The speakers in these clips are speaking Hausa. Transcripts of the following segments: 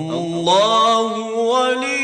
الله ولي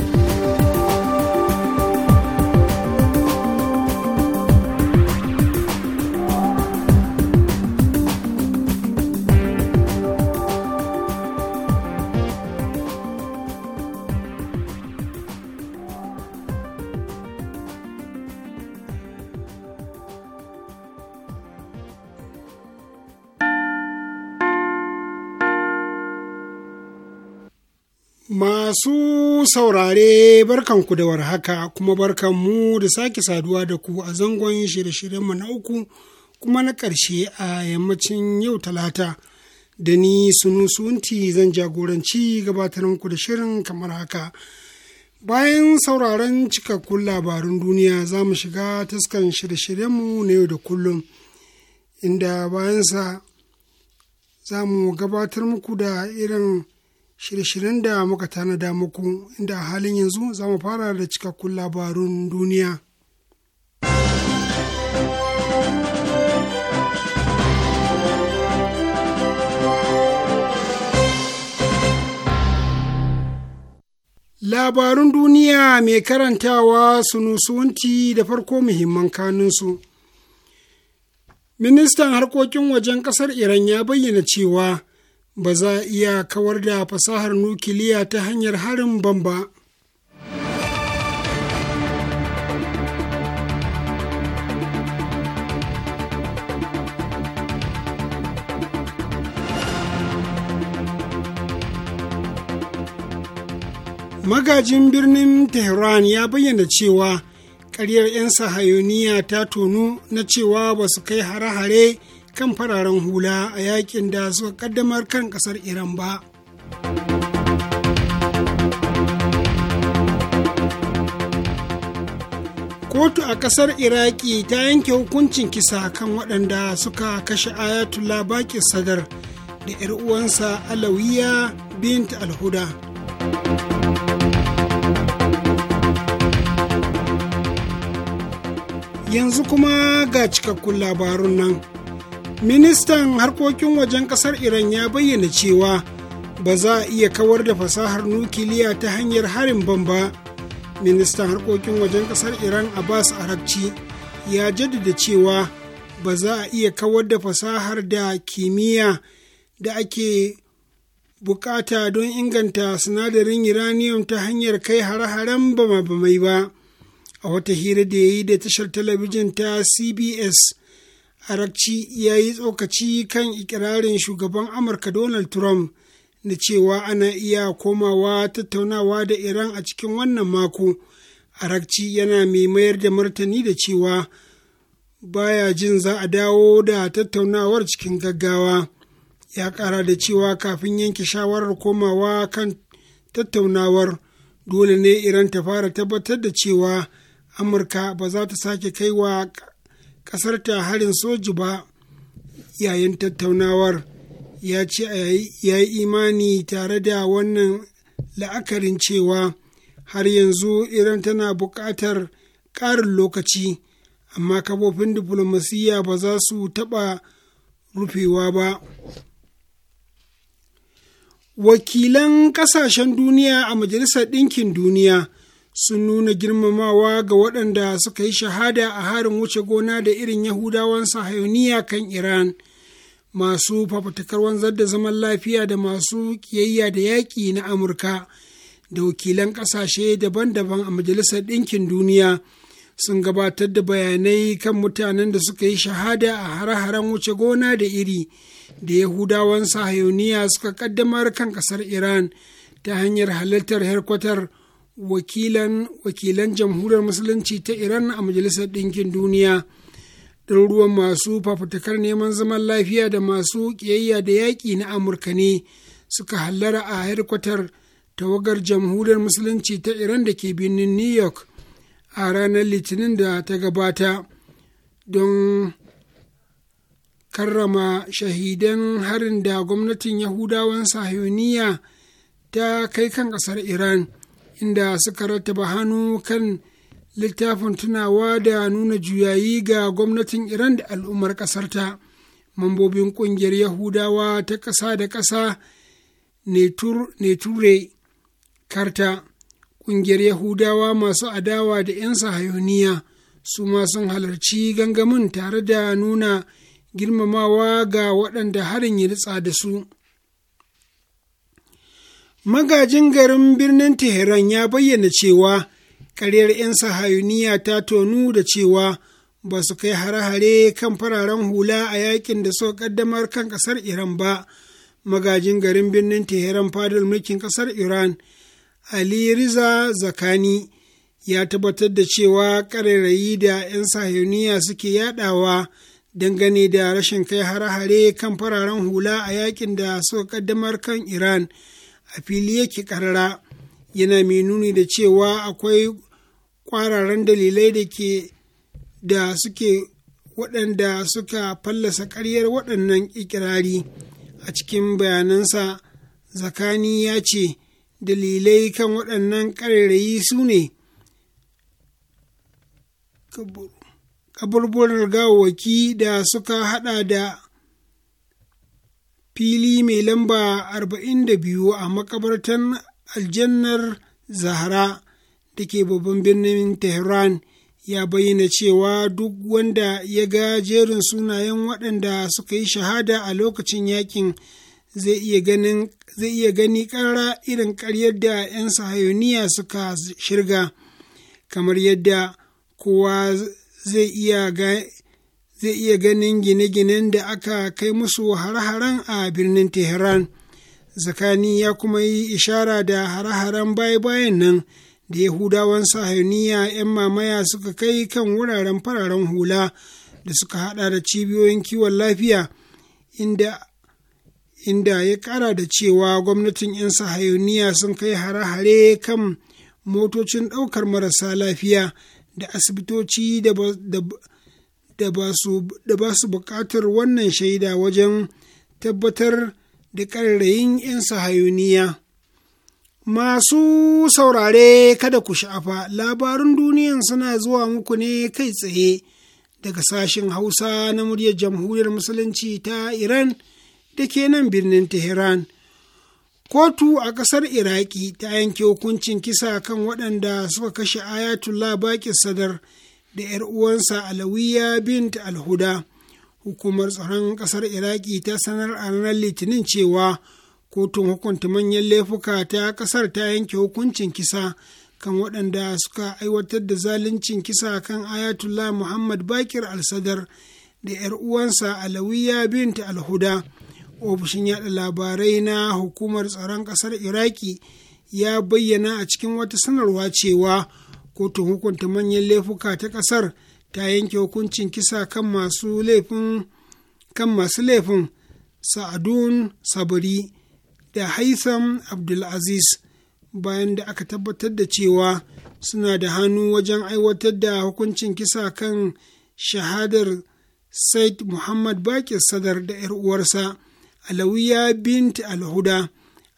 Masu saurare barkanku da warhaka kuma barkanmu da sake saduwa da ku a zangon shirye-shiryenmu na uku kuma na ƙarshe a yammacin yau talata da ni sunti zan jagoranci gabatar muku da shirin kamar haka. Bayan sauraron cikakkun labarun duniya za mu shiga taskan shirye-shiryenmu na yau da kullum inda bayansa za mu gabatar muku da irin shirye-shiryen da muka tanada muku inda a halin yanzu za mu fara da cikakkun labarun duniya. Labarun duniya mai karantawa su sunusunti da farko muhimman kanunsu. Ministan harkokin wajen ƙasar Iran ya bayyana cewa ba za a iya kawar da fasahar nukiliya ta hanyar harin ba. magajin birnin tehran ya bayyana cewa ƙaryar 'yan sahayoniya ta tonu na cewa ba su kai hare-hare kan fararen hula a yakin da suka kaddamar kan kasar iran ba kotu a kasar iraki ta yanke hukuncin kisa kan waɗanda suka kashe ayatullah bakin sadar da 'yar uwansa alawiya bint alhuda yanzu kuma ga cikakkun labarun nan ministan harkokin wajen kasar iran ya bayyana cewa ba za a iya kawar da fasahar nukiliya ta hanyar harin ban ba ministan harkokin wajen kasar iran abbas arakci ya jaddada cewa ba za a iya kawar da fasahar da kimiyya da ake bukata don inganta sinadarin uranium ta hanyar kai hare-haren bama-bamai ba a wata hira da ya yi da tashar talabijin ta cbs harakci ya yi tsokaci kan ikirarin shugaban Amurka Donald Trump da cewa ana iya komawa tattaunawa da Iran a cikin wannan mako. harakci yana mai mayar da martani da cewa baya jin za a dawo da tattaunawar cikin gaggawa. Ya ƙara da cewa kafin yanke shawarar komawa kan tattaunawar dole ne Iran ta fara tabbatar da cewa Amurka ba za ta sake kaiwa ƙasar ta harin soji ba yayin tattaunawar ya ce ya yi imani tare da wannan la'akarin cewa har yanzu iran tana buƙatar ƙarin lokaci amma kafofin diflomasiyya ba za su taɓa rufewa ba wakilan ƙasashen duniya a majalisar ɗinkin duniya sun nuna girmamawa ga waɗanda suka yi shahada a harin wuce gona da irin yahudawan sahayoniya kan iran masu fafatakar wanzar da zaman lafiya da masu kiyayya da yaƙi na amurka da wakilan ƙasashe daban-daban a majalisar ɗinkin duniya sun gabatar da bayanai kan mutanen da suka yi shahada a hare-haren wuce gona da iri da yahudawan sahayoniya suka ƙaddamar kan ƙasar iran ta hanyar halartar herkwatar wakilan wakilan jamhuriyar musulunci ta iran a majalisar ɗinkin duniya ɗaruruwan masu fafutukar neman zaman lafiya da masu ƙiyayya da yaƙi na amurka ne suka hallara a harkwatar tawagar jamhuriyar musulunci ta iran da ke birnin new york a ranar litinin da ta gabata don karrama shahidan harin da gwamnatin yahudawan sahiyoniya ta kai kan ƙasar iran inda suka rattaba hannu kan littafin tunawa da nuna juyayi ga gwamnatin iran da al'ummar ƙasarta mambobin ƙungiyar yahudawa ta ƙasa da ƙasa ne ture karta ƙungiyar yahudawa masu adawa da 'yan sahayoniya su ma sun halarci gangamin tare da nuna girmamawa ga waɗanda harin ya ritsa da su magajin garin birnin Teheran ya bayyana cewa ƙaryar 'yan sahayuniya ta tonu da cewa ba su kai hare-hare kan fararen hula a yakin da suka kaddamar kan ƙasar Iran ba. Magajin garin birnin Teheran fadar mulkin ƙasar Iran, Ali Riza Zakani, ya tabbatar da cewa ƙarairayi da 'yan sahayuniya suke yadawa dangane da rashin kai hare-hare kan fararen hula a yakin da suka kaddamar kan Iran. a fili yake karara yana mai nuni da cewa akwai kwararan dalilai da ke da suke waɗanda suka fallasa ƙaryar waɗannan ikirari a cikin bayanansa zakani ya ce dalilai kan waɗannan ƙarairayi su ne kaburburar gawawaki da suka haɗa da fili mai lamba 42 a makabartar aljannar zahra da ke babban birnin tehran ya bayyana cewa duk wanda ya ga jerin sunayen waɗanda suka yi shahada a lokacin yakin zai iya gani ƙarara irin ƙaryar da 'yan sahayoniya suka shirga kamar yadda kowa zai iya zai iya ganin gine-ginen da aka kai musu har-haren a birnin Tehran. Zakani ya kuma yi ishara da har-haren bayan nan da Yahudawan sahiniya 'yan mamaya suka kai kan wuraren fararen hula da suka hada da cibiyoyin kiwon lafiya inda inda ya kara da cewa gwamnatin 'yan sahayoniya sun kai hare-hare kan motocin ɗaukar marasa lafiya da asibitoci da da ba su buƙatar wannan shaida wajen tabbatar da ƙarrayin 'yan sahayuniya. Masu saurare kada ku sha'afa labarin duniyan suna zuwa muku ne kai tsaye daga sashen Hausa na muryar Jamhuriyar Musulunci ta Iran da ke nan birnin Tehran. Kotu a ƙasar Iraki ta yanke hukuncin kisa kan waɗanda suka kashe Ayatollah Baƙir Sadar. da 'yar uwansa alawiya bint alhuda hukumar tsaron ƙasar iraki ta sanar a ranar litinin cewa kotun hukunta manyan laifuka ta ƙasar ta yanke hukuncin kisa kan waɗanda suka aiwatar da zaluncin kisa kan ayatullah muhammad bakir al-sadar da 'yar uwansa alawiya bint alhuda ofishin yada labarai na hukumar tsaron ƙasar iraki ya bayyana a cikin wata sanarwa cewa kotun hukunta manyan laifuka ta kasar ta yanke hukuncin kisa kan masu laifin kan masu laifin sa'adun sabari da haitham abdulaziz bayan da aka tabbatar da cewa suna da hannu wajen aiwatar da hukuncin kisa kan shahadar said muhammad bakir sadar da 'yar uwarsa alawiya bint alhuda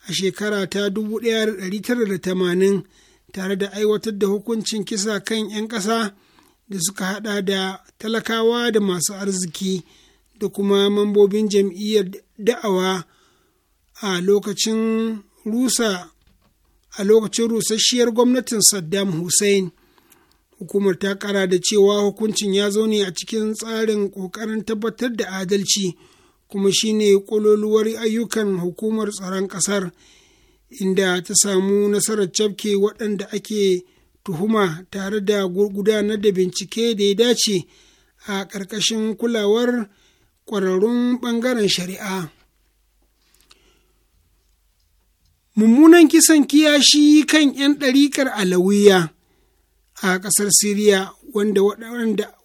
a shekara ta 1980 tare da aiwatar da hukuncin kisa kan 'yan ƙasa da suka hada da talakawa da masu arziki da kuma mambobin jam'iyyar da'awa a lokacin rusa a lokacin rusasshiyar gwamnatin saddam hussein hukumar ta kara da cewa hukuncin ya zo ne a cikin tsarin ƙoƙarin tabbatar da adalci kuma shine ƙululuwar ayyukan hukumar tsaron ƙasar inda ta samu nasarar cafke waɗanda ake tuhuma tare da gudanar da bincike da ya dace a ƙarƙashin kulawar ƙwararrun ɓangaren shari'a. Mummunan kisan kiyashi kan ‘yan ɗariƙar alawiya a ƙasar Siriya wanda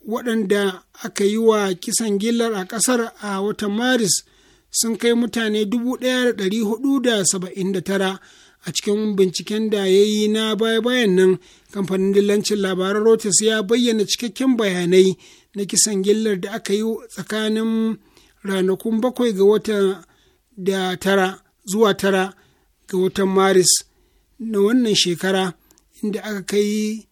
waɗanda aka yi wa kisan gillar a ƙasar a watan Maris sun kai mutane 1,479 a cikin binciken da ya yi na baya-bayan nan kamfanin dillancin labaran Reuters ya bayyana cikakken bayanai na kisan gillar da aka yi tsakanin ranakun bakwai ga watan da tara zuwa tara ga watan maris na wannan shekara inda aka kai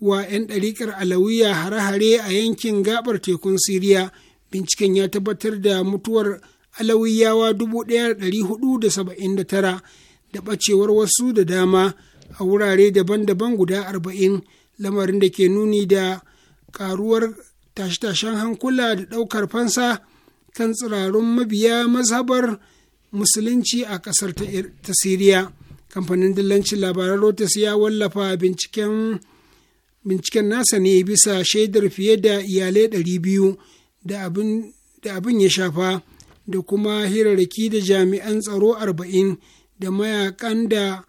wa 'yan ɗariƙar alawiya hare-hare a yankin gabar tekun siriya binciken ya tabbatar da mutuwar alawiyawa 1479 da ɓacewar wasu da dama a wurare daban-daban guda 40 lamarin da ke nuni da karuwar tashe-tashen hankula da ɗaukar fansa kan tsirarun mabiya mazhabar musulunci a ƙasar ta siriya kamfanin dillancin labaran rotas ya wallafa binciken binciken nasa ne bisa shaidar fiye da iyalai 200 da abin ya shafa da kuma hirarraki da jami'an tsaro arba'in da mayakan da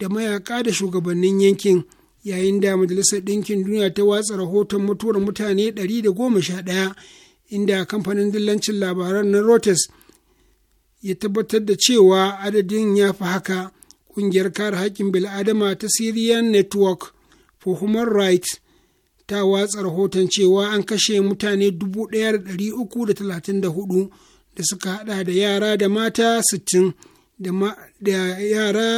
da mayaka da shugabannin yankin yayin da majalisar ɗinkin duniya ta watsa rahoton mutuwar mutane 111 inda kamfanin dillancin labaran na rotes ya tabbatar da cewa adadin ya fi haka ƙungiyar kare haƙƙin bil'adama ta syrian network for human rights ta watsa rahoton cewa an kashe mutane 1334 da suka hada da yara da mata 60 da yara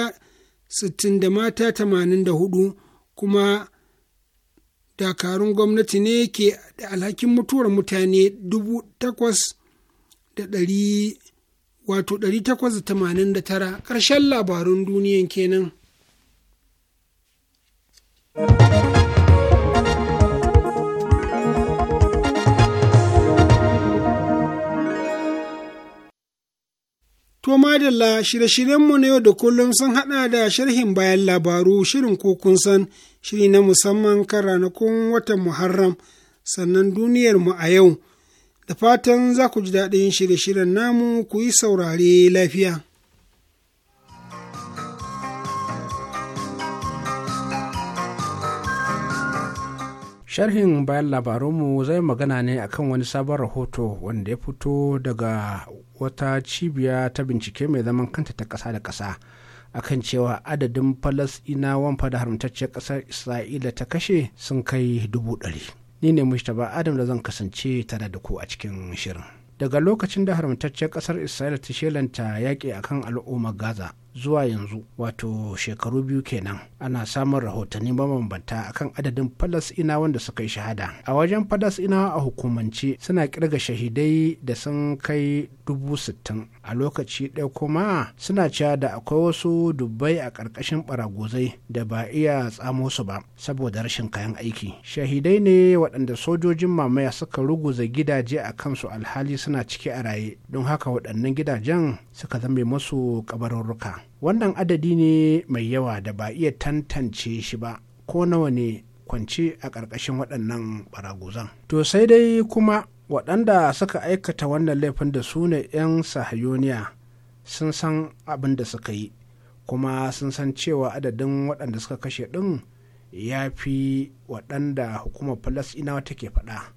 60 da mata 84 kuma dakarun gwamnati ne ke da alhakin mutuwar mutane 889 ƙarshen labarun duniyan kenan. To madalla shirye-shiryenmu na yau da kullum sun haɗa da sharhin bayan labaru shirin ko kun san shiri na musamman kan ranakun watan Muharram sannan duniyarmu a yau. Da fatan za ku ji daɗin shirye-shiryen namu ku yi saurare lafiya. Sharhin bayan labarunmu zai magana ne akan wani sabon rahoto wanda ya fito daga wata cibiya ta bincike mai zaman kanta ta ƙasa da ƙasa akan cewa adadin falasɗinawan fada haramtacciyar ƙasar isra'ila ta kashe sun kai dubu ɗari ni ne mustapha adam da zan kasance tare da ku a cikin shirin daga lokacin da haramtacciyar ƙasar isra'ila ta shelanta yaƙi akan al'ummar gaza zuwa yanzu wato shekaru biyu kenan ana samun rahotanni mabambanta akan adadin ina wanda suka yi shahada a wajen inawa a hukumance suna kirga shahidai da sun kai dubu sittin a lokaci ɗaya kuma suna cewa da akwai wasu dubbai a ƙarƙashin baragozai da ba iya tsamo su ba saboda rashin kayan aiki shahidai ne waɗanda sojojin mamaya suka ruguza gidaje a kansu alhali suna ciki a raye don haka waɗannan gidajen suka zame masu kabarurruka wannan adadi ne mai yawa da ba iya tantance shi ba ko nawa ne kwance a ƙarƙashin waɗannan baraguzan to sai dai kuma waɗanda suka aikata wannan laifin da su ne 'yan sahayoniya sun san abin da suka yi kuma sun san cewa adadin waɗanda suka kashe ɗin ya fi waɗanda hukumar falasɗinawa take faɗa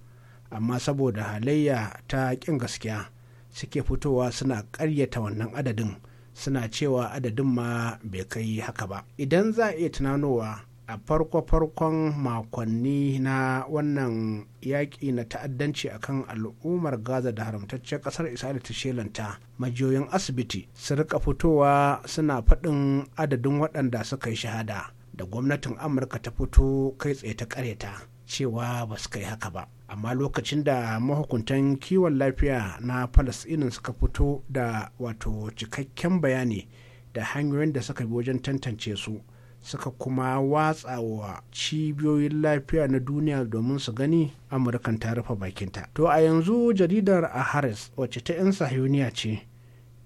amma saboda halayya ta ƙin gaskiya suke fitowa suna ƙaryata wannan adadin suna cewa adadin ma bai kai haka ba idan za a iya tunanowa a farko-farkon makonni na wannan yaƙi na ta'addanci akan al'ummar gaza da haramtaccen ƙasar isra'ila ta shelanta majiyoyin asibiti su rika fitowa suna faɗin adadin waɗanda suka yi shahada da gwamnatin amurka ta fito kai tsaye ta ƙaryata, cewa ba su kai haka ba amma lokacin da mahukuntan kiwon lafiya na palestinin suka fito da wato cikakken bayani da hanyoyin da suka bi wajen tantance su suka kuma watsa wa cibiyoyin lafiya na duniya domin su gani amurkan ta rufe bakinta to a yanzu jaridar a harris wacce ta 'yan sahiyoniya ce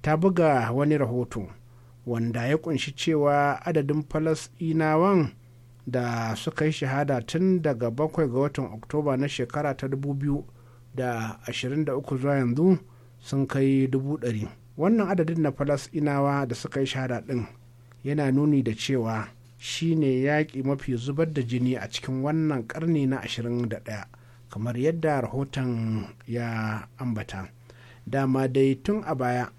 ta buga wani rahoto wanda ya kunshi cewa adadin falasɗinawan da suka yi shahada tun daga bakwai ga watan oktoba na shekara ta 2023 zuwa yanzu sun kai dubu ɗari wannan adadin na falasɗinawa da suka yi shahada din yana nuni da cewa shine yaƙi mafi zubar da jini a cikin wannan karni na 21 kamar yadda rahoton ya ambata dama dai tun a baya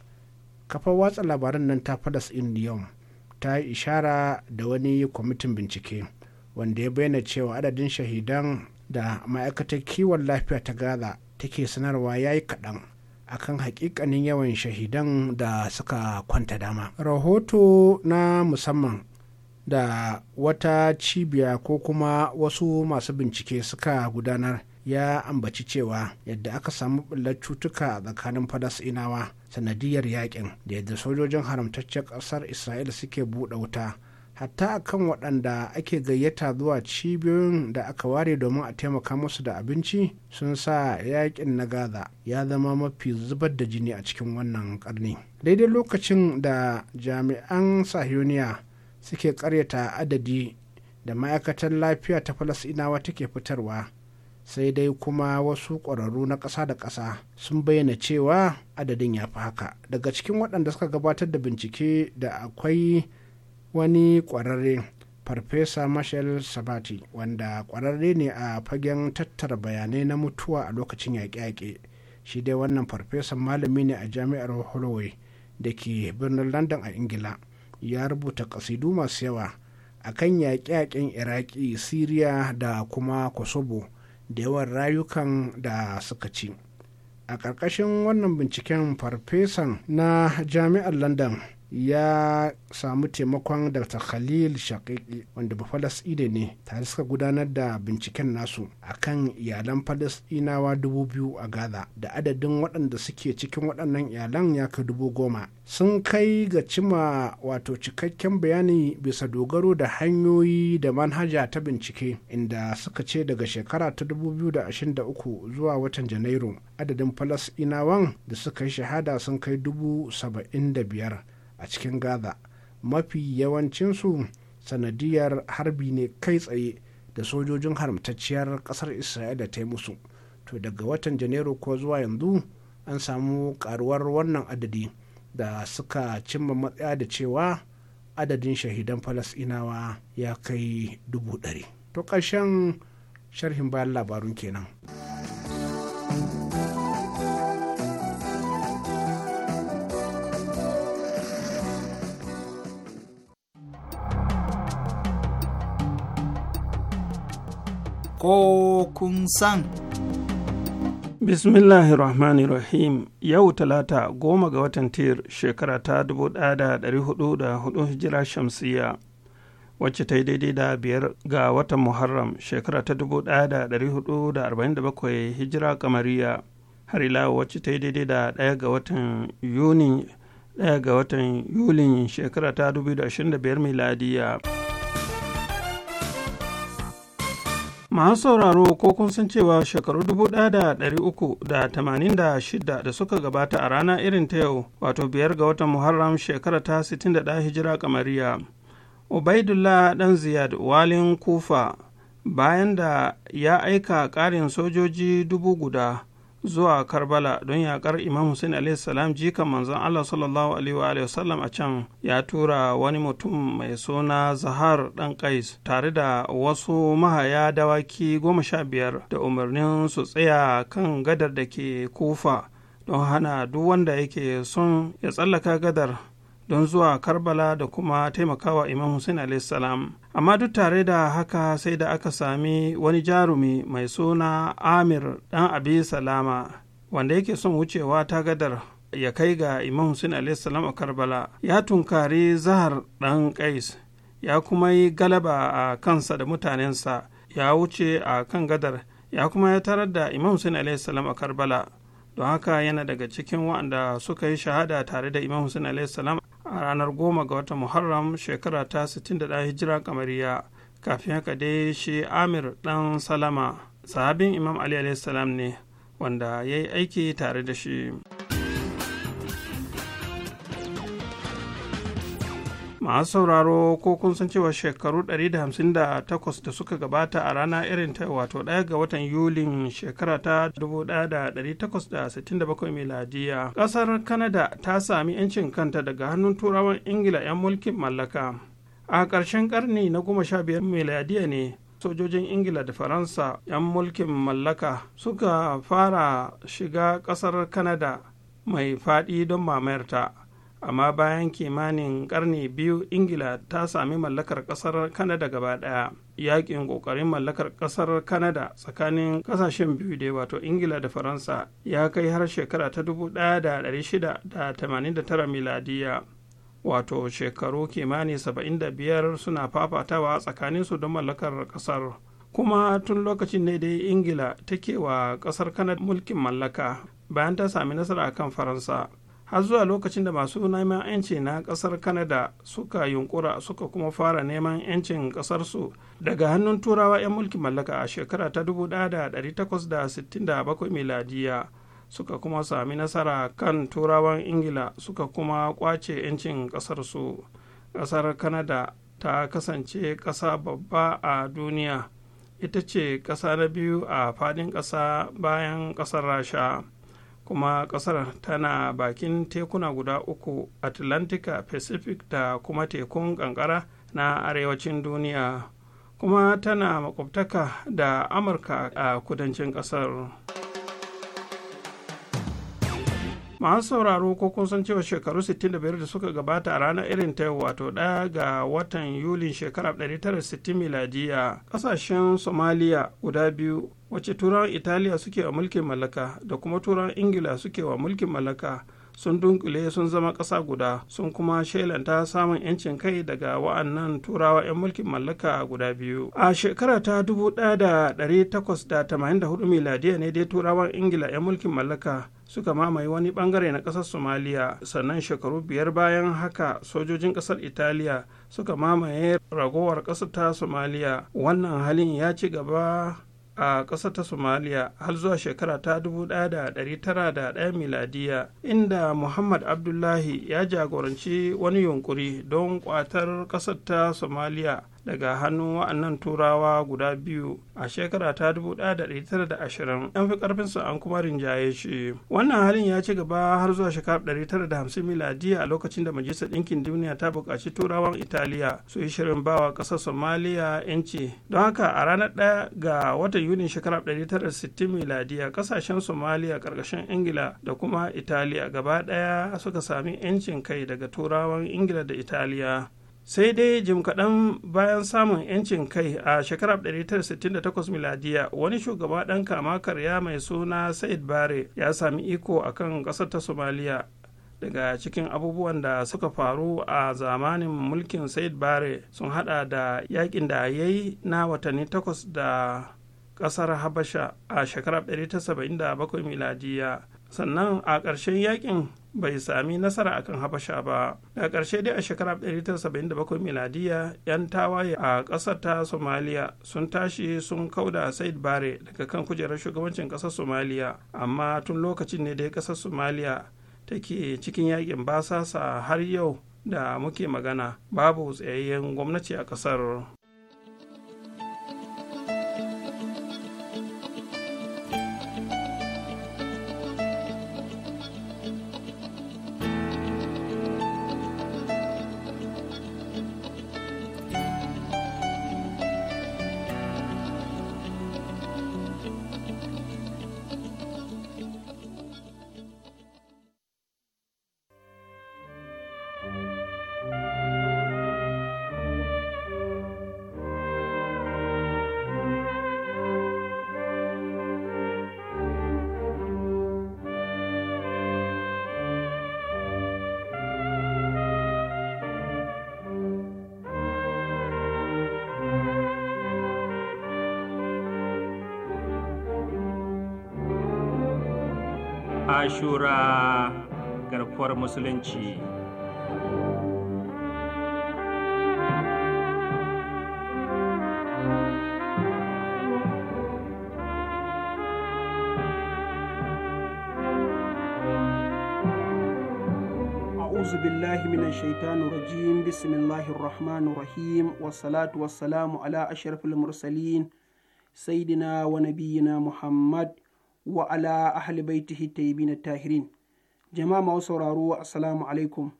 kafa watsa labaran nan ta falas yau ta yi ishara da wani kwamitin bincike wanda ya bayyana cewa adadin shahidan da ma'aikatar kiwon lafiya ta gaza take sanarwa ya yi kaɗan akan hakikanin yawan shahidan da suka kwanta dama rahoto na musamman da wata cibiya ko kuma wasu masu bincike suka gudanar ya ambaci cewa yadda aka samu ɓullar cutuka a tsakanin inawa sanadiyar yakin da yadda sojojin haramtaccen ƙasar isra'ila suke buɗe wuta hatta akan waɗanda ake gayyata zuwa cibiyoyin da aka ware domin a taimaka musu da abinci sun sa yakin na gaza ya zama mafi zubar da jini a cikin wannan ƙarni. daidai lokacin da jami'an sahiyoniya suke karyata adadi da ma'aikatan lafiya ta falasinawa take fitarwa sai dai kuma wasu ƙwararru na ƙasa da ƙasa sun bayyana cewa adadin ya fi haka daga cikin waɗanda suka gabatar da bincike da akwai wani kwararre farfesa marshal sabati wanda kwararre ne a fagen tattara bayanai na mutuwa a lokacin yaƙe-yaƙe shi dai wannan farfesan malami ne a jami'ar holloway da ke birnin london a ingila ya rubuta kasidu masu yawa a kan yaƙe-yaƙen iraki siriya da kuma kosovo da yawan rayukan da suka ci a ƙarƙashin wannan binciken farfesan na jami'ar london ya samu taimakon dr khalil shakiki wanda bafalasɗine ne tare suka gudanar da binciken nasu a kan iyalan falasɗinawa dubu biyu a gaza da adadin waɗanda suke cikin waɗannan iyalan ya kai dubu goma sun kai ga cima wato cikakken bayani bisa dogaro da hanyoyi da manhaja ta bincike inda suka ce daga shekara ta 2023 zuwa watan janairu adadin falasɗinawan da suka yi shahada sun kai dubu saba'in da biyar a cikin gaza mafi yawancinsu sanadiyar harbi ne kai tsaye da sojojin haramtacciyar kasar isra'ila ta yi musu to daga watan janairu ko zuwa yanzu an samu karuwar wannan adadi da suka cimma matsaya da cewa adadin shahidan falasinawa ya kai dubu ɗari to ƙarshen sharhin bayan labarun kenan. ko kun san. Bismillahirrahmanirrahim yau talata goma ga watan tir shekara ta dubu da da hudu hudu hijira shamsiya wacce ta yi daidai da biyar ga watan Muharram shekara ta dubu da da da hudu arba'in bakwai hijira kamariya har ila wacce ta yi daidai da ɗaya ga watan Yuni ɗaya ga watan Yulin shekara ta biyar miladiya. masu sauraro ko kun san cewa shekaru 1386 da da suka gabata a rana irin ta yau wato biyar ga watan muharram shekara ta 61 hijira kamariya ubaidullah dan ziyad walin kufa bayan da ya aika ƙarin sojoji dubu guda zuwa karbala don yaƙar imam hussein alaihi salam jikan manzon allah sallallahu alaihi wa sallam a can ya tura wani mutum mai suna zahar dan kais tare da wasu mahaya dawaki goma sha biyar da umarnin su tsaya kan gadar da ke kufa don hana duk wanda yake son ya tsallaka gadar don zuwa karbala da kuma taimakawa imam hussein alaihi salam amma duk tare da haka sai da aka sami wani jarumi mai suna amir dan abi salama wanda yake son wucewa ta gadar ya kai ga imam Hussein a karbala ya tunkari zahar dan kais ya kuma yi galaba a kansa da mutanensa ya wuce a kan gadar ya kuma ya tarar da imam Hussein a karbala don haka yana daga cikin waɗanda suka yi shahada tare da imam Hussein a.s. a ranar goma ga wata muharram shekara ta 61 hijira kamariya kafin haka dai shi amir dan salama sahabin imam ali salam ne wanda ya yi aiki tare da shi. masu sauraro ko kun san cewa shekaru 158 da suka gabata a rana irin ta wato ɗaya ga watan yulin shekara ta 1867 miladiya ƙasar Kanada ta sami 'yancin kanta daga hannun turawan ingila 'yan mulkin mallaka a ƙarshen ƙarni na 15 miladiya ne sojojin ingila da faransa 'yan mulkin mallaka suka fara shiga ƙasar Kanada mai faɗi don mamayarta amma bayan kimanin karni biyu ingila ta sami mallakar kasar kanada gaba daya yakin kokarin mallakar kasar kanada tsakanin kasashen biyu da wato ingila da faransa ya kai har shekara ta 1689 miladiya wato shekaru kimanin 75 suna fafatawa tsakanin su don mallakar kasar kuma tun lokacin ne dai ingila take wa kasar kanada mulkin mallaka bayan ta sami nasara kan faransa har zuwa lokacin da masu neman 'yanci na kasar canada suka yunkura suka kuma fara neman 'yancin kasarsu daga hannun turawa 'yan mulkin mallaka a shekara ta 1867 miladiya suka kuma sami nasara kan turawan ingila suka kuma kwace 'yancin kasarsu kasar kanada ta kasance ƙasa babba a duniya ita ce ƙasa na biyu a faɗin ƙasa bayan ƙasar rasha kuma ƙasar tana bakin tekuna guda uku atlantika pacific da kuma tekun kankara na arewacin duniya kuma tana makwabtaka da amurka a kudancin ƙasar masu sauraro ko kun san cewa shekaru 65 da suka gabata a ranar irin ta wato ɗaya ga watan yulin shekarar 1960 miladiya ƙasashen somaliya guda biyu wacce turawan italiya suke wa mulkin mallaka da kuma turawan ingila suke wa mulkin mallaka sun dunkule sun zama ƙasa guda sun kuma shelanta samun 'yancin kai daga wa'annan turawa 'yan mulkin mallaka guda biyu a shekara ta 1884 miladiya ne dai turawan ingila 'yan mulkin mallaka suka mamaye wani bangare na ƙasar somaliya sannan shekaru biyar bayan haka sojojin ƙasar italiya suka mamaye ragowar ƙasar ta somaliya wannan halin ya ci gaba a ƙasar ta somaliya har zuwa shekara ta 1901 miladiya inda muhammad abdullahi ya jagoranci wani yunkuri don ƙwatar ƙasar ta somaliya daga hannun wa'annan turawa guda biyu a shekara ta 1920 yan fi su an kuma rinjaye shi wannan halin ya ci gaba har zuwa shekarar 1950 miladiya a lokacin da majalisar ɗinkin duniya ta buƙaci turawan italiya su yi shirin bawa ƙasar somaliya 'yanci don haka a ranar ɗaya ga watan yuni shekarar 1960 miladiya ƙasashen somaliya ƙarƙashin ingila da kuma italiya gaba ɗaya suka sami 'yancin kai daga turawan ingila da italiya sai dai jim kaɗan bayan samun 'yancin kai a shekarar 1968 miladiya wani shugaba ɗan kama karya mai suna said bare ya sami iko a kan ƙasar ta somaliya daga cikin abubuwan da suka faru a zamanin mulkin said bare sun hada da yakin da ya yi na watanni takwas da ƙasar habasha a shekarar 1977 miladiya sannan a ƙarshen yakin bai sami nasara a kan habasha ba a ƙarshe dai a shekara 1977 miladiya 'yan tawaye a ƙasar ta somaliya sun tashi sun kauda said bare daga kan kujerar shugabancin ƙasar somaliya amma tun lokacin ne dai ƙasar somaliya take cikin yakin basasa har yau da muke magana babu tsayayyen gwamnati a ƙasar ashura garkuwar musulunci أعوذ بالله من الشيطان الرجيم بسم الله الرحمن الرحيم والصلاة والسلام على أشرف المرسلين سيدنا ونبينا محمد wa ala ahli baitihi tayyibin tahirin jama'a masu sauraro assalamu alaikum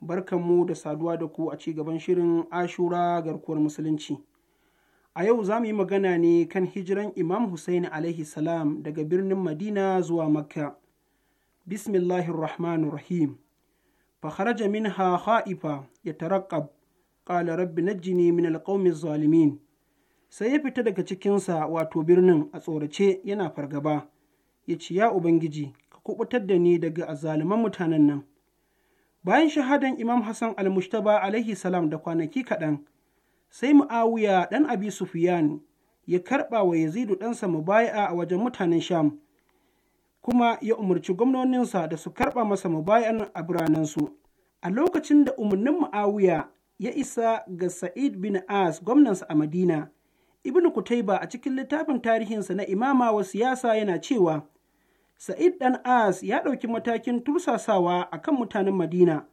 barkanmu da saduwa da ku a ci gaban shirin ashura garkuwar musulunci a yau za mu yi magana ne kan hijiran imam hussein alaihi salam daga birnin madina zuwa makka bismillahirrahmanirrahim kharaja minha kha'ifa يترقب qala rabbi نجني min alqawmi zalumin. sai ya fita daga cikinsa wato birnin a tsorace yana fargaba ya ce ya ubangiji ka kubutar da ni daga azzaluman mutanen nan bayan shahadan imam hassan al-mushtaba alaihi salam da kwanaki kaɗan sai mu'awiya ɗan abi sufiyan ya karɓa wa yazidu ɗansa baya a wajen mutanen sham kuma ya umarci gwamnoninsa da su karɓa masa mubayan a su. a lokacin da umarnin mu'awiya ya isa ga sa'id bin as gwamnansa a madina ibnu kutaiba a cikin littafin tarihinsa na imama wa siyasa yana cewa Sa'id ɗan As ya ɗauki matakin tursasawa a kan mutanen Madina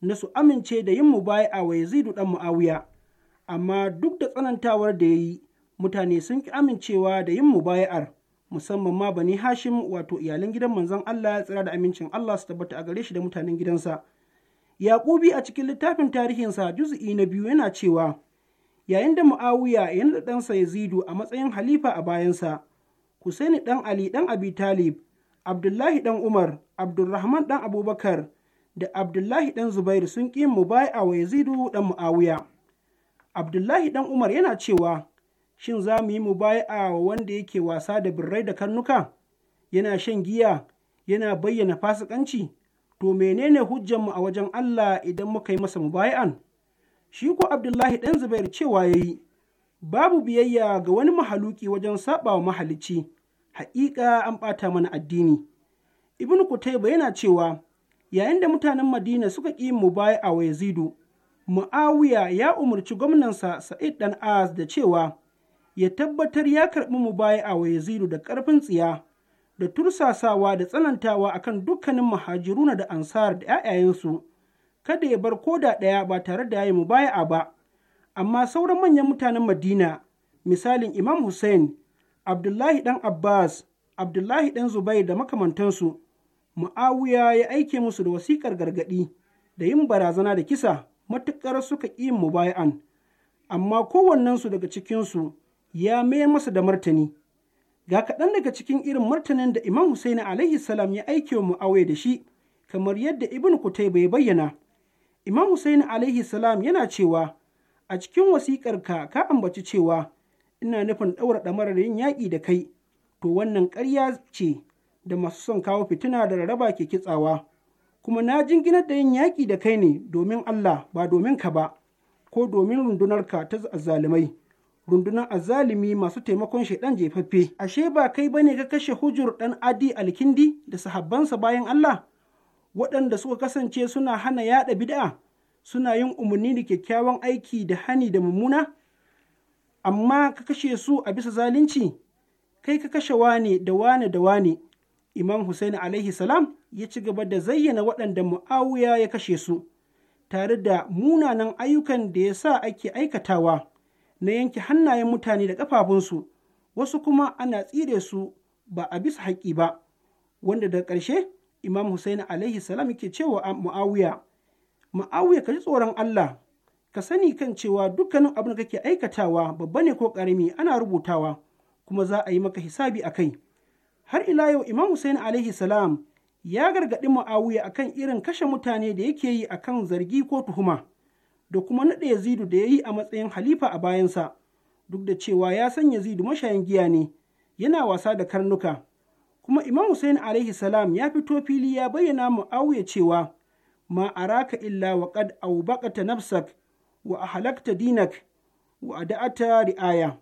na su amince da yin mubaya'a wa Yazidu ɗan Mu'awiya, amma duk da tsanantawar da ya yi, mutane sun ki amincewa da yin mubaya'ar, musamman ma Bani Hashim wato iyalin gidan manzon Allah tsira da amincin Allah su tabbata a gare shi da mutanen gidansa. Yaƙubi a cikin littafin tarihinsa juzu'i na biyu yana cewa, yayin da Mu'awiya yana da ɗansa Yazidu a matsayin halifa a bayansa, Husaini ɗan Ali ɗan Abi Talib Abdullahi ɗan Umar, Abdulrahman ɗan Abubakar da Abdullahi ɗan Zubairu sun ƙi mu a wa Yazidu ɗan Mu'awiya. Abdullahi ɗan Umar yana cewa, Shin za mu yi mu wa wanda yake wasa da birrai da karnuka? Yana shan giya, yana bayyana fasikanci, to menene hujjanmu a wajen Allah idan muka yi masa mubai'an? Shi ko Abdullahi ɗan Zubairu cewa ya yi, babu biyayya ga wani mahaluki wajen saɓawa mahalicci. haƙiƙa an ɓata mana addini ibn kutaiba yana cewa yayin da mutanen madina suka ƙi mu baya a wayazidu, mu'awiya ya umarci gwamnansa sa'id dan az da cewa ya tabbatar ya karɓi mu baya a wayazidu da ƙarfin tsiya da tursasawa da tsanantawa akan dukkanin muhajiruna da ansar da 'ya'yayensu kada ya bar koda ɗaya ba tare da ya yi mu mubaya'a ba amma sauran manyan mutanen madina misalin imam hussein Abdullahi ɗan Abbas, Abdullahi ɗan Zubair da makamantansu, Mu'awiya ya aike musu da wasikar gargaɗi da yin barazana da kisa matuƙar suka ƙi mu bayan amma kowannensu daga cikinsu ya mayar masa da martani. Ga kaɗan daga cikin irin martanin da Imam Husaini alaihi salam ya aike mu Mu'awiya da shi, kamar yadda Ibn Kutai bai bayyana. Imam Husaini alaihi salam yana cewa, a cikin wasikarka ka ambaci cewa ina nufin ɗaura ɗamarar yin yaƙi da kai to wannan ƙarya ce da masu son kawo fitina da rarraba ke kitsawa kuma na jinginar da yin yaƙi da kai ne domin Allah ba domin ka ba ko domin rundunarka ta azzalumai rundunar azzalumi masu taimakon shaidan jefaffe ashe ba kai bane ka kashe hujur dan adi alkindi da sahabbansa bayan Allah waɗanda suka kasance suna hana yaɗa bid'a suna yin umarni da kyakkyawan aiki da hani da mummuna amma ka kashe su a bisa zalunci kai ka kashe wane da wane da wane imam Hussein alaihi salam ya ci gaba da zayyana waɗanda mu'awiya ya kashe su tare da munanan ayyukan da ya sa ake aikatawa na yanke hannayen mutane da ƙafafunsu wasu kuma ana tsire su ba a bisa haƙƙi ba wanda da ƙarshe imam Hussein alaihi salam ke cewa mu'awiya mu'awiya ka ji tsoron Allah ka sani kan cewa dukkanin abin da kake aikatawa babba ne ko karami ana rubutawa kuma za a yi maka hisabi a kai har ila yau imam Hussein alaihi salam ya gargaɗi ma'awiya akan irin kashe mutane da yake yi akan zargi ko tuhuma da kuma naɗa yazidu da ya yi a matsayin halifa a bayansa duk da cewa ya san yazidu mashayin giya ne yana wasa da karnuka kuma imam Hussein alaihi salam ya fito fili ya bayyana mu'awiya cewa ma araka illa wa qad aubaqata nafsak wa a halakta dinak wa a da'ata ri'aya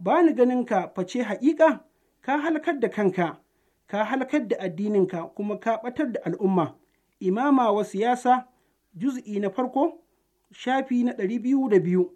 ba ni ganin ka face haƙiƙa ka halakar da kanka ka halakar da addininka kuma ka ɓatar da al'umma imama wa siyasa juz'i na farko shafi na ɗari biyu da biyu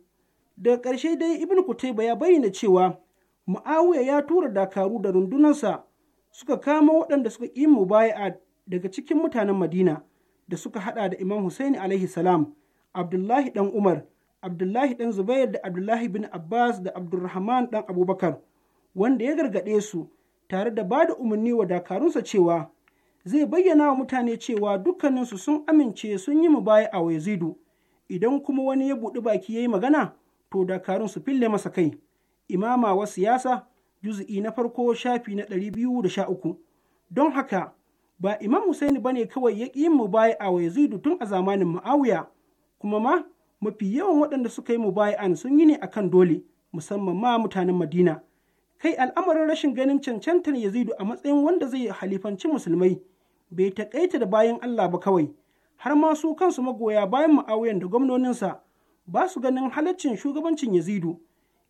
daga ƙarshe dai ibn kutaiba ya bayyana cewa mu'awiya ya tura dakaru da rundunarsa suka kama waɗanda suka ƙi mubaya'a daga cikin mutanen madina da suka haɗa da imam husaini alaihi salam Abdullahi ɗan Umar, Abdullahi ɗan Zubair da Abdullahi bin Abbas da Abdulrahman ɗan Abubakar, wanda ya gargaɗe su tare da ba da umarni wa dakarunsa cewa zai bayyana wa mutane cewa dukkaninsu sun amince sun yi mu baya a Yazidu, idan kuma wani ya buɗi baki ya yi magana, to dakarun su fille masa kai. Imama wa siyasa, juzi'i na farko shafi na ɗari biyu da sha uku. Don haka, ba Imam husaini ba ne kawai ya ƙi yin baya a Yazidu tun a zamanin Mu'awiya. kuma ma mafi yawan waɗanda suka yi mu mubaya'an sun yi ne akan dole musamman ma mutanen madina kai al'amarin rashin ganin cancantar yazidu a matsayin wanda zai halifanci musulmai bai taƙaita da bayan allah ba kawai har ma su kansu magoya bayan ma'auyan da gwamnoninsa ba su ganin halaccin shugabancin yazidu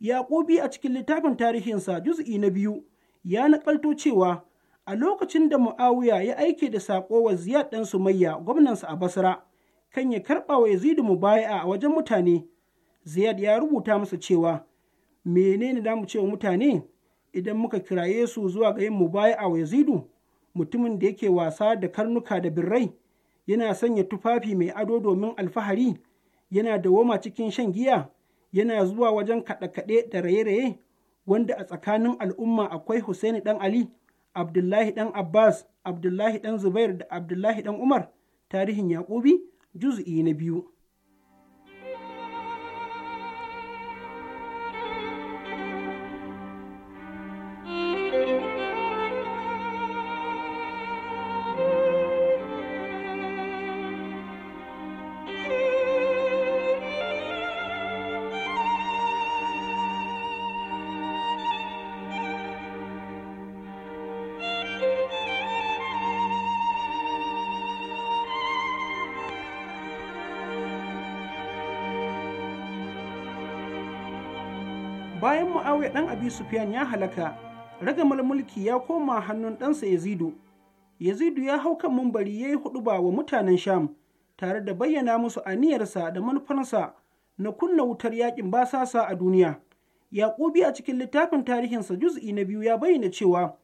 Yaƙobi a cikin littafin tarihinsa juz'i na biyu ya naƙalto cewa a lokacin da mu'awiya ya aike da saƙo wa ziyad ɗan sumayya gwamnansa a basra kan ya karɓa wa yazidu mu a wajen mutane ziyad ya rubuta masa cewa menene da mu ce wa mutane idan muka kiraye su zuwa ga yin mu baya a yazidu mutumin da yake wasa da karnuka da birrai yana sanya tufafi mai ado domin alfahari yana dawoma cikin shan giya yana zuwa wajen kaɗe-kaɗe da raye-raye wanda a tsakanin al'umma akwai Husaini ɗan Ali, Abdullahi ɗan Abbas, Abdullahi ɗan Zubair da Abdullahi ɗan Umar, tarihin Yaƙubi, juz'i na biyu Kawai ɗan abi sufiyan ya halaka ragamar mulki ya koma hannun ɗansa yazidu yazidu ya hau kan mumbari ya yi huɗuba wa mutanen sham tare da bayyana musu aniyarsa da manufarsa na kunna wutar yakin basasa a duniya yaƙubi a cikin littafin tarihinsa juz'i na biyu ya bayyana cewa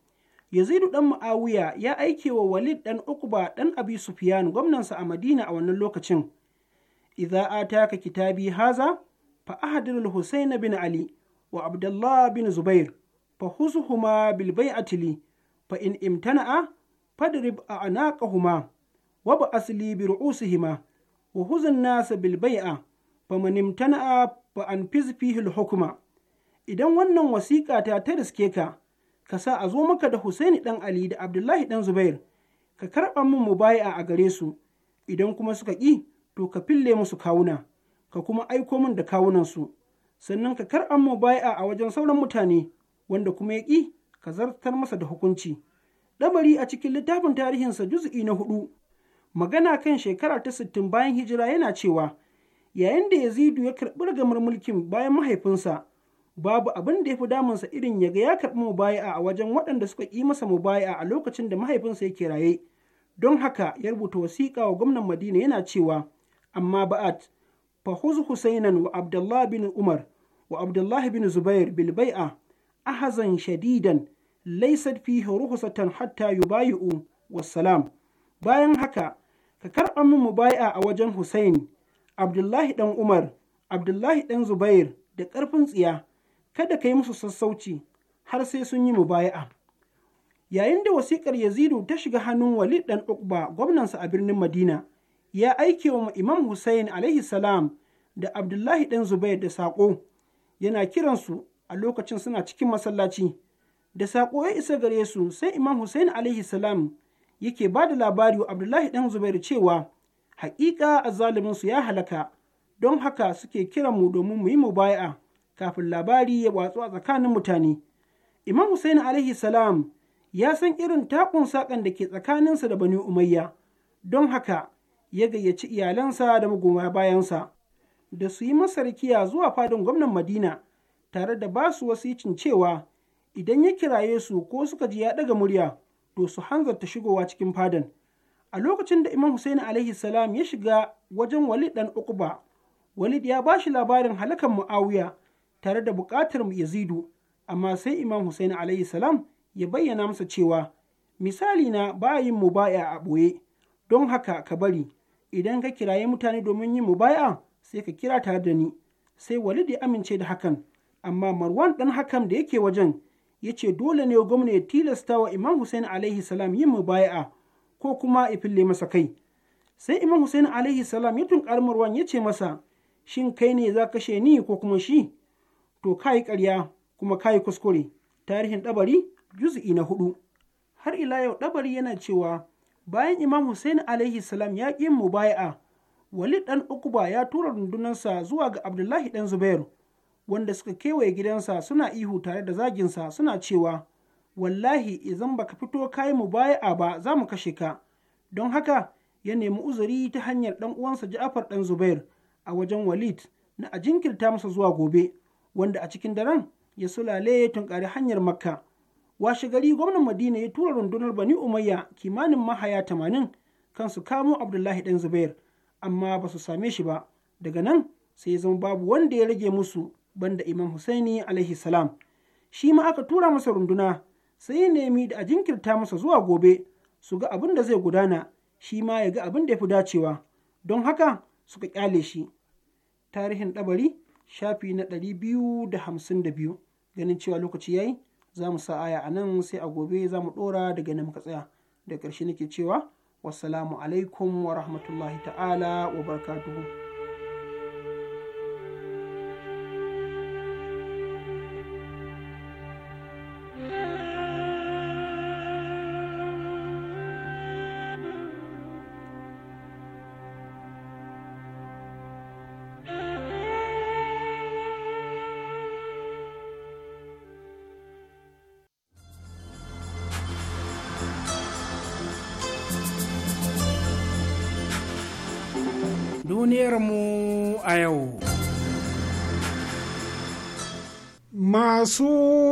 yazidu ɗan ma'awiya ya aike wa walid ɗan ukuba ɗan abi sufiyan gwamnansa a madina a wannan lokacin idza ataka kitabi haza fa ahadul husayn bin ali wa Abdullah bin Zubair fa husuhuma bil a fa in imtana'a fadrib a'naqahuma wa ba asli bi ru'usihima wa huzun nasa bil bai'a fa man imtana'a fa an fihi al hukma idan wannan wasiƙa ta ta riske ka ka sa a zo maka da Husaini dan Ali da Abdullahi dan Zubair ka karɓa min mubaya a gare su idan kuma suka ƙi to ka fille musu kawuna ka kuma aiko min da kawunan su. sannan ka kar an a wajen sauran mutane wanda kuma ya ƙi ka zartar masa da hukunci ɗabari a cikin littafin tarihinsa juzu'i na hudu magana kan shekara ta sittin bayan hijira yana cewa yayin da yazidu ya karɓi ragamar mulkin bayan mahaifinsa babu abin da ya fi damunsa irin ya ga ya karɓi mubaya'a a wajen waɗanda suka ƙi masa mubaya'a a lokacin da mahaifinsa yake raye don haka ya rubuta wasiƙa wa gwamnan madina yana cewa amma ba'at فخذ حسينا وعبد الله بن عمر وعبد الله بن زبير بالبيعة أحزا شديدا ليست فيه رخصة حتى يبايعوا والسلام bayan haka ka karɓa min mubaya a wajen Hussein, Abdullahi ɗan Umar, Abdullahi ɗan Zubair da ƙarfin tsiya, kada ka yi musu sassauci har sai sun yi mubaya'a. Yayin da wasiƙar Yazidu ta shiga hannun Walid ɗan Ukba gwamnansa a birnin Madina, ya aike wa Imam Hussein alaihi salam da Abdullahi ɗan Zubair da saƙo, yana kiransu a lokacin suna cikin masallaci. Da saƙo ya isa gare su sai Imam Hussein alaihi salam yake ba da labari wa Abdullahi ɗan Zubair cewa haƙiƙa su ya halaka, don haka suke kiran mu domin mu yi mu baya kafin labari ya watsu a tsakanin mutane. Imam Hussein alaihi salam ya san irin takun saƙan da ke tsakaninsa da Bani Umayya, don haka ya gayyaci iyalansa da magoma bayansa da su yi masa zuwa fadin gwamnan madina tare da ba su wasicin cewa idan ya kiraye su ko suka ji ya ɗaga murya to su hanzarta shigowa cikin fadan a lokacin da imam husaini alaihi salam ya shiga wajen walid dan ukuba walid ya ba shi labarin halakan muawiya tare da buƙatar yazidu amma sai imam husaini alaihi salam ya bayyana masa cewa misali na bayin mu baya a ɓoye don haka ka bari idan ka kiraye mutane domin yin mubaya sai ka kira tare da ni sai walid ya amince da hakan amma marwan dan hakan da yake wajen ya ce dole ne gwamna ya tilasta wa imam hussein alaihi salam yin mubaya'a ko kuma ya fille masa kai sai imam hussein alaihi salam ya tunkar marwan ya ce masa shin kai ne za ka ni ko kuma shi to kayi karya kuma kayi kuskure tarihin Dabari, juz'i na hudu har ila yau ɗabari yana cewa bayan imam hussein alaihi salam ya ƙi mubaya'a walid ɗan ukuba ya tura rundunarsa zuwa ga abdullahi ɗan zubair wanda suka kewaye gidansa suna ihu tare da zaginsa suna cewa wallahi idan baka fito kayi mubaya'a ba za mu kashe ka don haka ya nemi uzuri ta hanyar ɗan uwansa ja'afar ɗan zubair a wajen walid na a jinkirta masa zuwa gobe wanda a cikin daren ya sulale ya tunkari hanyar makka washe gari gwamnan madina ya tura rundunar bani umayya kimanin mahaya tamanin kan su kamo abdullahi ɗan zubair amma ba su same shi ba daga nan sai ya zama babu wanda ya rage musu banda imam husaini alaihi salam shi ma aka tura masa runduna sai ya nemi da a jinkirta masa zuwa gobe su ga abin da zai gudana shi ma ya ga abin da ya fi dacewa don haka suka kyale shi tarihin ɗabari shafi na 252 ganin cewa lokaci yayi za mu sa aya a nan sai a gobe za mu ɗora daga nan muka tsaya da ƙarshe nake cewa wasu alaikum wa rahmatullahi ta'ala wa barakatuhu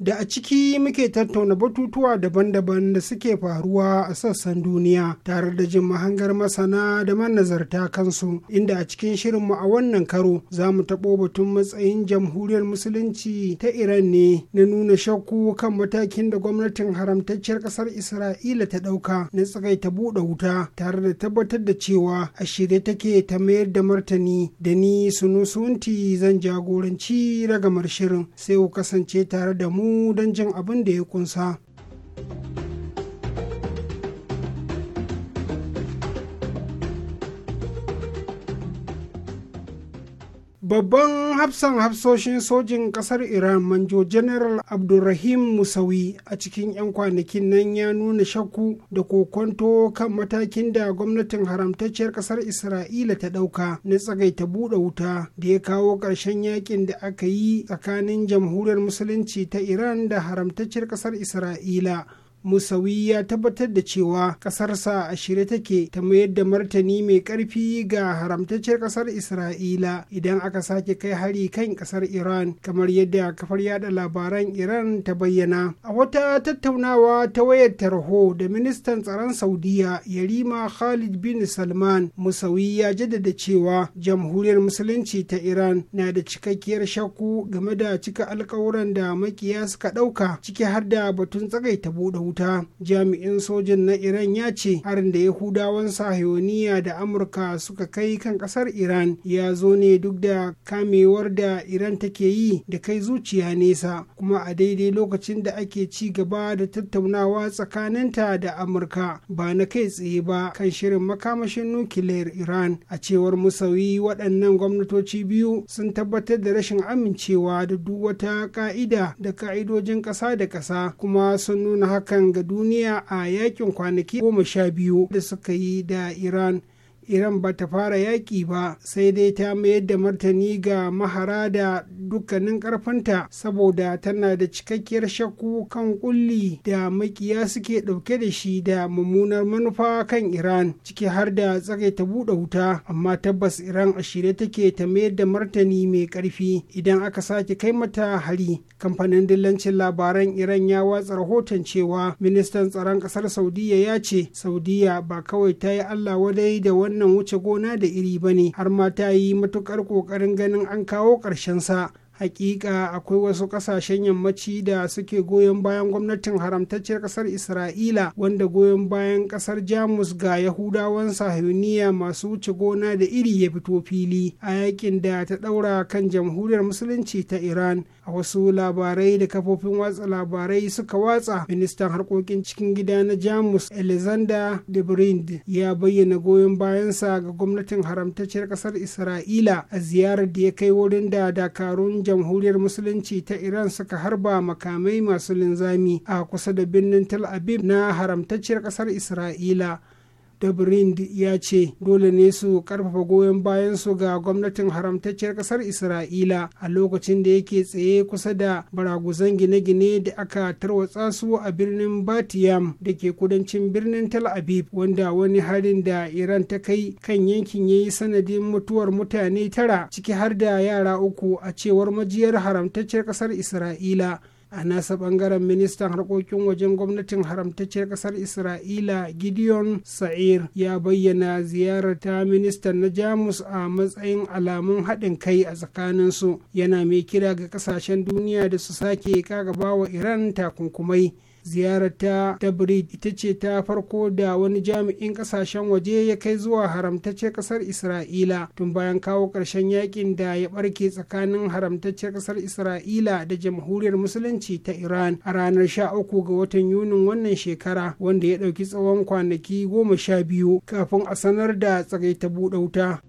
da a ciki muke tattauna batutuwa daban-daban da suke faruwa a sassan duniya tare da jin mahangar masana da manazarta kansu inda a cikin shirinmu a wannan karo za mu taɓo batun matsayin jamhuriyar musulunci ta iran ne na nuna shakku kan matakin da gwamnatin haramtacciyar ƙasar isra'ila ta ɗauka na tsagaita buɗe wuta tare da tabbatar da cewa a shirye take ta mayar da martani da ni sunusunti zan jagoranci ragamar shirin sai ku kasance tare da mu mu don jin abin da ya kunsa. Babban hafsan hafsoshin sojin ƙasar Iran manjo General Abdulrahim Musawi a cikin 'yan kwanakin nan ya nuna shakku da kokonto kan matakin da gwamnatin haramtacciyar ƙasar Isra'ila ta ɗauka na tsagaita buɗe wuta da ya kawo ƙarshen yakin da aka yi tsakanin jamhuriyar musulunci ta Iran da haramtacciyar ƙasar Isra'ila. musawi ya tabbatar da cewa ƙasarsa a shirye take ta mayar da martani mai ƙarfi ga haramtaccen ƙasar isra'ila idan aka sake kai hari kan ƙasar iran kamar yadda kafar yada labaran iran ta bayyana a wata tattaunawa ta wayar tarho da ministan tsaron saudiya yarima khalid bin salman musawi ya jaddada cewa jamhuriyar musulunci ta iran na da cikakkiyar shakku game da cika alkawuran da makiya suka ɗauka ciki har da batun tsagaita buɗe rubuta jami'in sojin na iran ya ce harin da yahudawan sahiyoniya da amurka suka kai kan kasar iran ya zo ne duk da kamewar da iran take yi da kai zuciya nesa kuma a daidai lokacin da ake ci gaba da tattaunawa tsakaninta da amurka ba na kai tsaye ba kan shirin makamashin nukiliyar iran a cewar musawi waɗannan gwamnatoci biyu sun tabbatar da rashin amincewa da duk wata ka'ida da ka'idojin ƙasa da ƙasa kuma sun nuna hakan ga duniya a yakin kwanaki goma sha biyu da suka yi da iran iran ba ta fara yaƙi ba sai dai ta mayar da martani ga mahara da dukkanin ƙarfanta saboda tana da cikakkiyar shakku kan kulli da makiya suke ɗauke da shi da mummunar manufa kan iran ciki har da tsagai ta buɗe wuta amma tabbas iran a shirye take ta mayar da martani mai ƙarfi idan aka sake kai mata hari kamfanin dillancin labaran iran ya watsa rahoton cewa ministan tsaron ƙasar saudiya ya ce saudiya ba kawai ta yi allah wadai da wani wannan wuce gona da iri ba ne har ma ta yi matukar ƙoƙarin ganin an kawo sa hakika akwai wasu kasashen yammaci da suke goyon bayan gwamnatin haramtacciyar kasar isra'ila wanda goyon bayan kasar jamus ga yahudawan sahiyuniya masu wuce gona da iri ya fito fili a yakin da ta daura kan jamhuriyar musulunci ta iran a wasu labarai da kafofin watsa labarai suka watsa ministan harkokin cikin gida na jamus alexander de brind ya bayyana goyon bayansa ga gwamnatin haramtacciyar kasar isra'ila a ziyarar da ya kai wurin da dakarun jamhuriyar musulunci ta iran suka harba makamai masu linzami a kusa da birnin tel aviv na haramtacciyar kasar isra'ila Dabrind ya ce dole ne su karfafa goyon bayan su ga gwamnatin haramtacciyar kasar Isra'ila a lokacin da yake tsaye kusa da baraguzan gine-gine da aka tarwatsa su a birnin Batiyam da ke kudancin birnin Tel Aviv wanda wani harin da Iran ta kai kan yankin ya yi sanadin mutuwar mutane tara ciki har da yara uku a cewar majiyar haramtacciyar kasar Isra'ila. a nasa bangaren ministan harkokin wajen gwamnatin haramtacciyar kasar isra'ila gideon sa'ir ya bayyana ziyarar ta ministan na jamus a matsayin alamun haɗin kai a tsakaninsu yana mai kira ga ƙasashen duniya da su sake kagaba wa iran takunkumai ziyarar ta tabrid ita ce ta farko da wani jami'in kasashen waje ya kai zuwa haramtacce kasar isra'ila tun bayan kawo ƙarshen yakin da ya barke tsakanin haramtacce kasar isra'ila da jamhuriyar musulunci ta iran a ranar 13 ga watan yunin wannan shekara wanda ya ɗauki tsawon kwanaki goma sha biyu kafin a sanar da tsagaita buɗe wuta.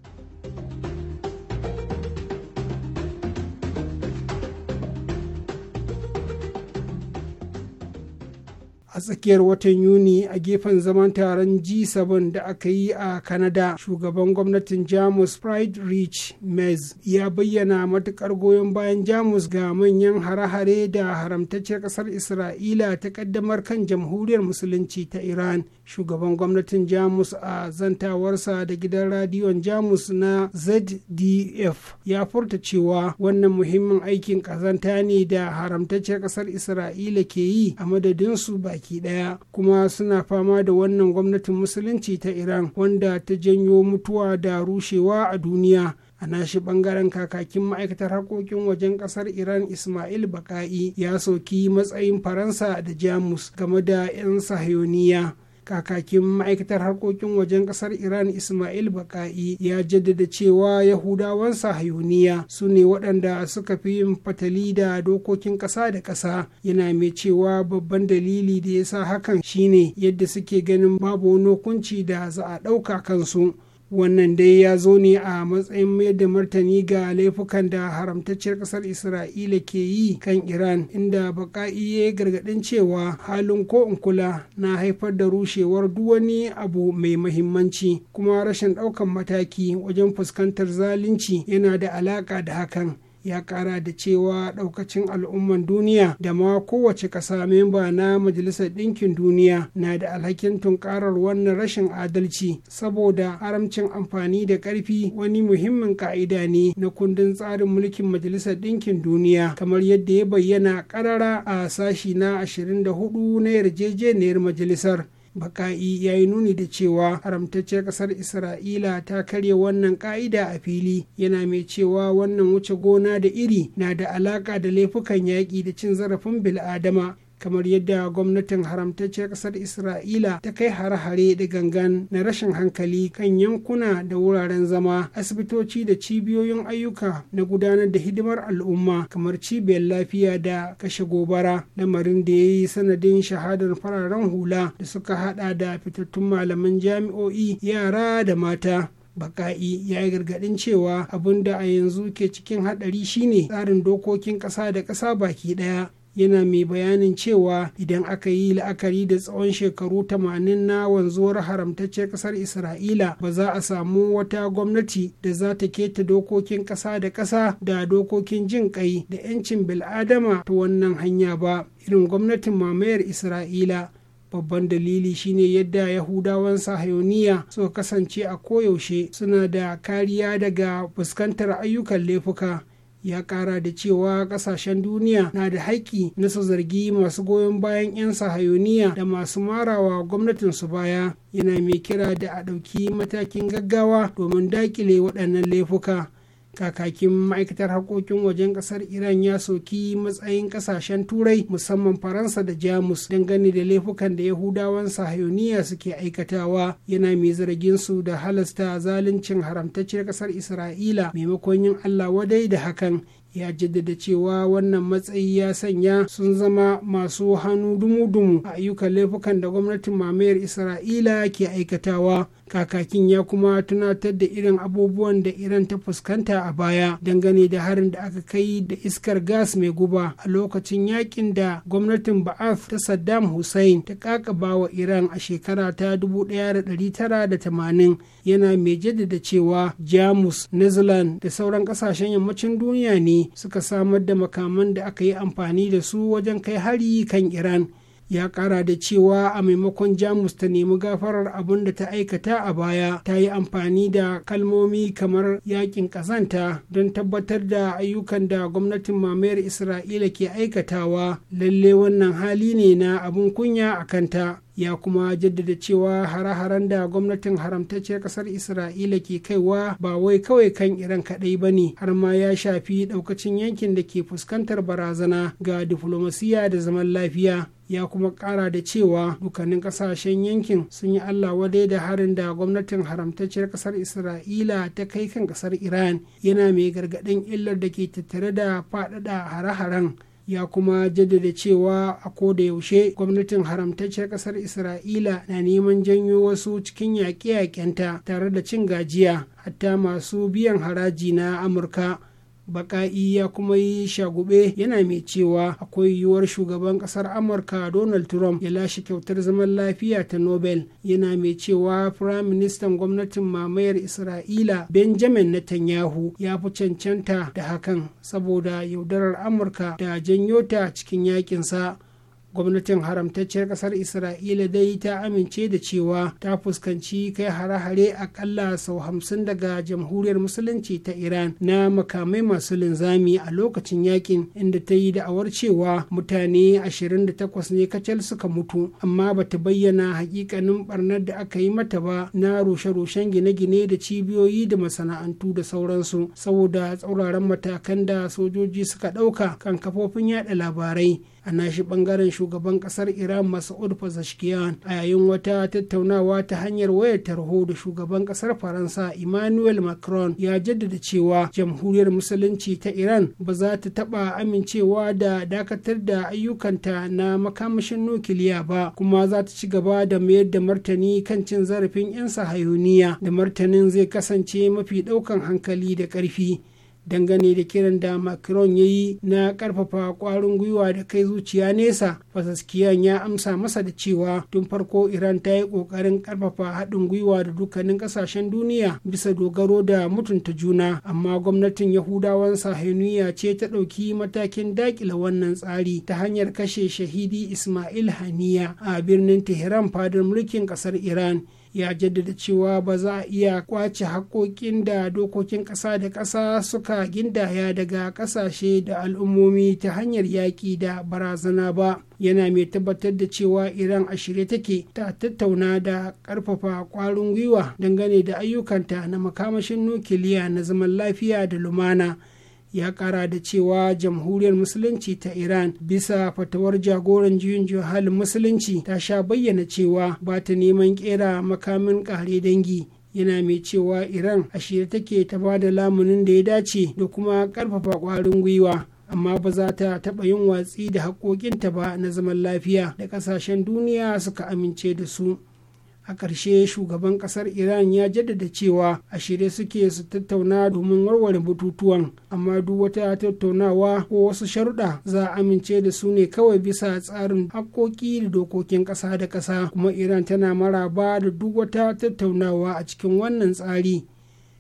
a tsakiyar watan yuni a gefen zaman taron g7 da aka yi a Kanada, shugaban gwamnatin jamus pride rich mez ya bayyana matukar goyon bayan jamus ga manyan hare-hare da haramtacciyar kasar isra'ila ta kaddamar kan jamhuriyar musulunci ta iran shugaban gwamnatin jamus a zantawarsa da gidan radiyon jamus na zdf ya furta cewa wannan muhimmin aikin kazanta ne da haramtacciyar kasar isra'ila ke yi a madadinsu baki daya kuma suna fama da wannan gwamnatin musulunci ta iran wanda ta janyo mutuwa da rushewa a duniya a nashi bangaren kakakin ma'aikatar harkokin wajen kasar iran ismail baka'i ya soki matsayin faransa da jamus game da 'yan sahiyoniya kakakin ma'aikatar harkokin wajen kasar iran ismail baka'i ya jaddada cewa yahudawan sahayuniya su ne waɗanda suka fi yin fatali da dokokin ƙasa da ƙasa yana mai cewa babban dalili da ya sa hakan shine yadda suke ganin babu wani hukunci da za a ɗauka kansu wannan dai ya zo ne a matsayin mayar da martani ga laifukan da haramtacciyar ƙasar isra'ila ke yi kan iran inda baka'i ya gargadin cewa halin ko in kula na haifar da rushewar duk wani abu mai mahimmanci kuma rashin daukan mataki wajen fuskantar zalunci yana da alaƙa da hakan ya kara da cewa daukacin al'umman duniya da ma kowace ƙasa memba na majalisar ɗinkin duniya na da alhakin tunkarar wannan rashin adalci saboda haramcin amfani da ƙarfi wani muhimmin ka'ida ne na kundin tsarin mulkin majalisar ɗinkin duniya kamar yadda ya bayyana karara a sashi na 24 na yarjejeniyar majalisar baka'i ya yi nuni da cewa haramtacciyar ƙasar isra'ila ta karya wannan ƙa'ida a fili yana mai cewa wannan wuce gona da iri na da alaƙa da laifukan yaƙi da cin zarafin bil'adama kamar yadda gwamnatin haramtacciyar ƙasar isra'ila ta kai hare-hare da gangan na rashin hankali kan yankuna da wuraren zama asibitoci da cibiyoyin ayyuka na gudanar da hidimar al'umma kamar cibiyar lafiya da kashe gobara lamarin da ya yi sanadin shahadar fararen hula da suka hada da fitattun malaman jami'o'i yara da mata baka'i ya yi gargadin cewa abin da a yanzu ke cikin haɗari shine tsarin dokokin ƙasa da ƙasa baki ɗaya yana mai bayanin cewa idan aka yi la'akari da tsawon shekaru 80 na wanzuwar haramtacciyar kasar isra'ila ba za a samu wata gwamnati da za ta keta dokokin kasa da kasa da dokokin jin kai da 'yancin bil'adama ta wannan hanya ba irin gwamnatin mamayar isra'ila babban dalili shine yadda yahudawan sahayoniya suka kasance a koyaushe suna da kariya daga fuskantar ayyukan laifuka ya kara da cewa kasashen duniya na da haƙƙi na su zargi masu goyon bayan 'yan sahayoniya da masu marawa gwamnatin su baya yana mai kira da a ɗauki matakin gaggawa domin daƙile waɗannan laifuka kakakin ma'aikatar harkokin wajen kasar iran ya soki matsayin kasashen turai musamman faransa da jamus dangane da laifukan da yahudawan sahayoniya suke aikatawa yana mai zargin su da halasta zaluncin haramtacciyar kasar isra'ila maimakon yin allah wadai da hakan ya jaddada cewa wannan matsayi ya sanya sun zama masu hannu dumu-dumu a ayyukan laifukan da gwamnatin mamayar isra'ila ke aikatawa kakakin ya kuma tunatar da irin abubuwan da iran ta fuskanta a baya dangane da harin da aka kai da iskar gas mai guba a lokacin yakin da gwamnatin ba'af ta saddam hussein ta kakaba wa iran a shekara ta 1980 yana mai jaddada cewa jamus netherlands da sauran kasashen yammacin duniya ne suka samar da makaman da aka yi amfani da su wajen kai hari kan iran ya kara da cewa a maimakon jamus ta nemi gafarar abin da ta aikata a baya ta yi amfani da kalmomi kamar yakin kazanta don tabbatar da ayyukan da gwamnatin mamayar isra'ila ke aikatawa lalle wannan hali ne na abin kunya a kanta ya kuma jaddada cewa hare-haren da gwamnatin haramtacciyar kasar isra'ila ke kaiwa ba wai kawai kan iran kaɗai ba ne har ma ya shafi ɗaukacin yankin da ke fuskantar barazana ga diflomasiya da zaman lafiya ya kuma kara da cewa dukkanin kasashen yankin sun yi allah wadai da harin da gwamnatin haramtacciyar kasar isra'ila ta kai kan kasar iran yana mai gargaɗin illar da ke tattare da faɗaɗa hare-haren ya kuma jaddada cewa a koda yaushe gwamnatin haramtacciyar kasar isra'ila na neman janyo wasu cikin yaƙe-yaƙenta tare da cin gajiya hatta masu biyan haraji na amurka baƙa'i ya kuma yi shagube yana mai cewa akwai yiwuwar shugaban ƙasar amurka donald trump ya lashe kyautar zaman lafiya ta nobel yana mai cewa prime minister gwamnatin mamayar isra'ila benjamin netanyahu ya fi cancanta da hakan saboda yaudarar amurka da janyo ta cikin yakinsa gwamnatin haramtacciyar kasar isra'ila dai ta amince da cewa ta fuskanci kai hare-hare akalla sau hamsin daga jamhuriyar musulunci ta iran na makamai masu linzami a lokacin yakin inda ta yi da'awar cewa mutane 28 ne kacal suka mutu amma bata bayyana hakikanin barnar da aka yi mata ba na rushe-rushen gine-gine da cibiyoyi da masana'antu da sauransu saboda tsauraran matakan da sojoji suka ɗauka kan kafofin yaɗa labarai a nashi bangaren shugaban kasar iran masa'ud pezeshkian a yayin wata tattaunawa ta hanyar wayar tarho da shugaban kasar faransa emmanuel macron ya jaddada cewa jamhuriyar musulunci ta iran ba za ta taba amincewa da dakatar da ayyukanta na makamashin nukiliya ba kuma za ta ci gaba da mayar da martani kan cin zarafin 'yan sahayuniya da martanin zai kasance mafi ɗaukan hankali da ƙarfi dangane da kiran da macron ya yi na karfafa kwarin gwiwa da kai zuciya nesa fasaskiyan ya amsa masa da cewa tun farko iran ta yi kokarin karfafa haɗin gwiwa da dukkanin ƙasashen duniya bisa dogaro da mutunta juna amma gwamnatin yahudawan sahenuya ce ta ɗauki matakin daƙile wannan tsari ta hanyar kashe shahidi ismail haniya a birnin tehran fadar mulkin ƙasar iran ya jaddada cewa ba za a iya kwace haƙoƙin da dokokin ƙasa da ƙasa suka gindaya daga ƙasashe da al'ummomi ta hanyar yaƙi da barazana ba yana mai tabbatar da cewa iran a shirye take ta tattauna da ƙarfafa ƙwarin gwiwa dangane da ayyukanta na makamashin nukiliya na zaman lafiya da lumana ya kara da cewa jamhuriyar musulunci ta iran bisa fatawar jagoran juyin halin musulunci ta sha bayyana cewa ba ta neman kera makamin kare dangi yana mai cewa iran a shirye take ta ba da lamunin da ya dace da kuma karfafa kwarin gwiwa amma ba za ta taɓa yin watsi da haƙoƙinta ba na zaman lafiya da ƙasashen duniya suka amince da su a ƙarshe shugaban ƙasar iran ya jaddada cewa a shirye suke su tattauna domin warware bututuwan amma duk wata tattaunawa ko wasu sharuɗa za a amince da su ne kawai bisa tsarin haƙƙoƙi da dokokin ƙasa da ƙasa kuma iran tana maraba da duk wata tattaunawa a cikin wannan tsari